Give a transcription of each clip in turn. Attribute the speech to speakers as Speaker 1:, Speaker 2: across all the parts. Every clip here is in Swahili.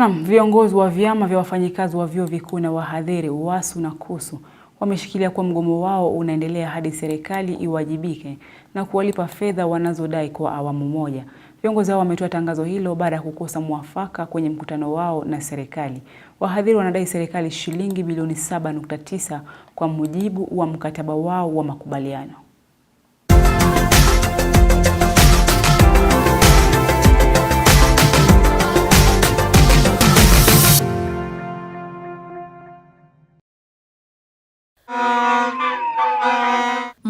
Speaker 1: Naam, viongozi wa vyama vya wafanyikazi wa vyuo vikuu na wahadhiri UASU na KUSU wameshikilia kuwa mgomo wao unaendelea hadi serikali iwajibike na kuwalipa fedha wanazodai kwa awamu moja. Viongozi hao wametoa tangazo hilo baada ya kukosa mwafaka kwenye mkutano wao na serikali. Wahadhiri wanadai serikali shilingi bilioni 7.9 kwa mujibu wa mkataba wao wa makubaliano.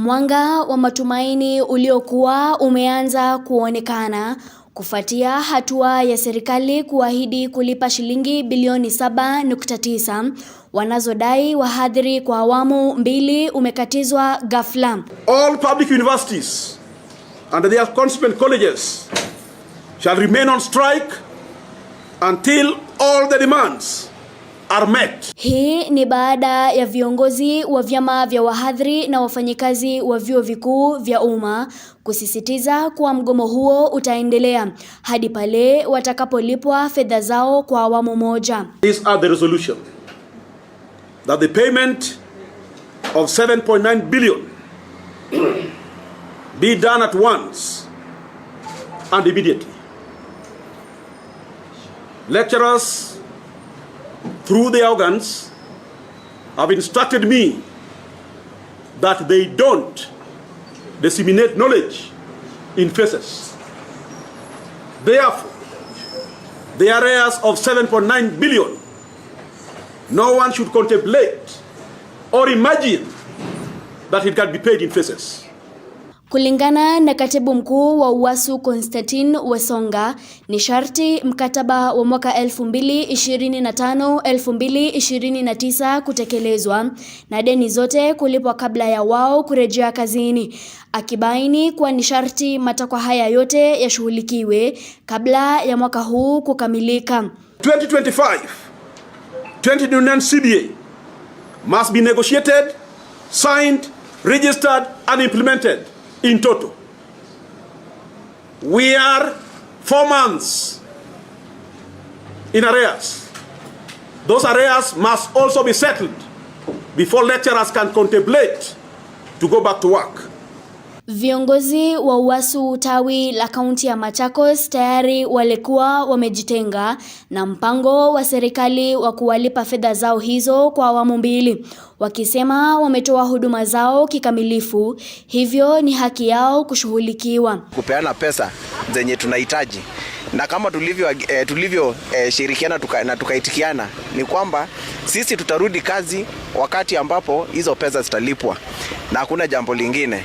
Speaker 2: Mwanga wa matumaini uliokuwa umeanza kuonekana kufuatia hatua ya serikali kuahidi kulipa shilingi bilioni 7.9 wanazodai wahadhiri kwa awamu mbili umekatizwa ghafla.
Speaker 3: All public universities and their consequent colleges shall remain on strike until all the demands Armet.
Speaker 2: Hii ni baada ya viongozi wa vyama vya wahadhiri na wafanyikazi wa vyuo vikuu vya umma kusisitiza kuwa mgomo huo utaendelea hadi pale watakapolipwa fedha zao kwa awamu moja.
Speaker 3: These are the resolution that the payment of 7.9 billion be done at once and immediately. Lecturers through their organs have instructed me that they don't disseminate knowledge in faces. Therefore, the areas of 7.9 billion, no one should contemplate or imagine that it can be paid in faces.
Speaker 2: Kulingana na katibu mkuu wa UWASU Konstantin Wesonga, ni sharti mkataba wa mwaka 2025 2029 kutekelezwa na deni zote kulipwa kabla ya wao kurejea kazini, akibaini kuwa ni sharti matakwa haya yote yashughulikiwe kabla ya mwaka huu kukamilika.
Speaker 3: 2025 2029 CBA must be negotiated, signed, registered and implemented in total. We are four months in arrears. Those arrears must also be settled before lecturers can contemplate to go back to work.
Speaker 2: Viongozi wa UWASU tawi la kaunti ya Machakos tayari walikuwa wamejitenga na mpango wa serikali wa kuwalipa fedha zao hizo kwa awamu mbili, wakisema wametoa huduma zao kikamilifu, hivyo ni haki yao kushughulikiwa.
Speaker 4: Kupeana pesa zenye tunahitaji na kama tulivyo, eh, tulivyo eh, shirikiana tuka, na tukaitikiana ni kwamba sisi tutarudi kazi wakati ambapo hizo pesa zitalipwa na hakuna jambo lingine.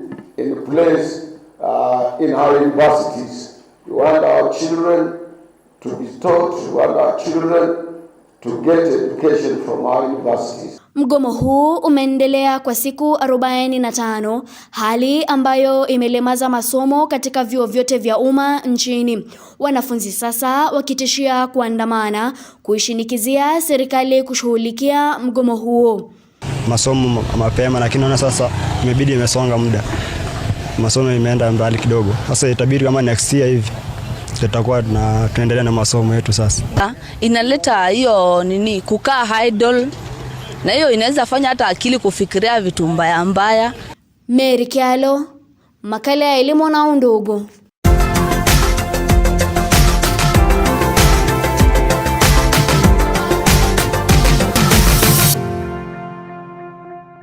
Speaker 5: in place uh, in our universities. We want our children to be taught, we want our children to get education from our universities.
Speaker 2: Mgomo huu umeendelea kwa siku 45, hali ambayo imelemaza masomo katika vyuo vyote vya umma nchini. Wanafunzi sasa wakitishia kuandamana kuishinikizia serikali kushughulikia mgomo huo.
Speaker 6: Masomo mapema, lakini naona sasa imebidi imesonga muda masomo imeenda mbali kidogo. Sasa itabidi kama next year hivi tutakuwa na tunaendelea na masomo yetu. Sasa ah,
Speaker 7: inaleta hiyo nini, kukaa idle, na hiyo inaweza fanya hata akili kufikiria vitu mbaya mbaya.
Speaker 2: Mary Kyalo, makala ya elimu na Undugu.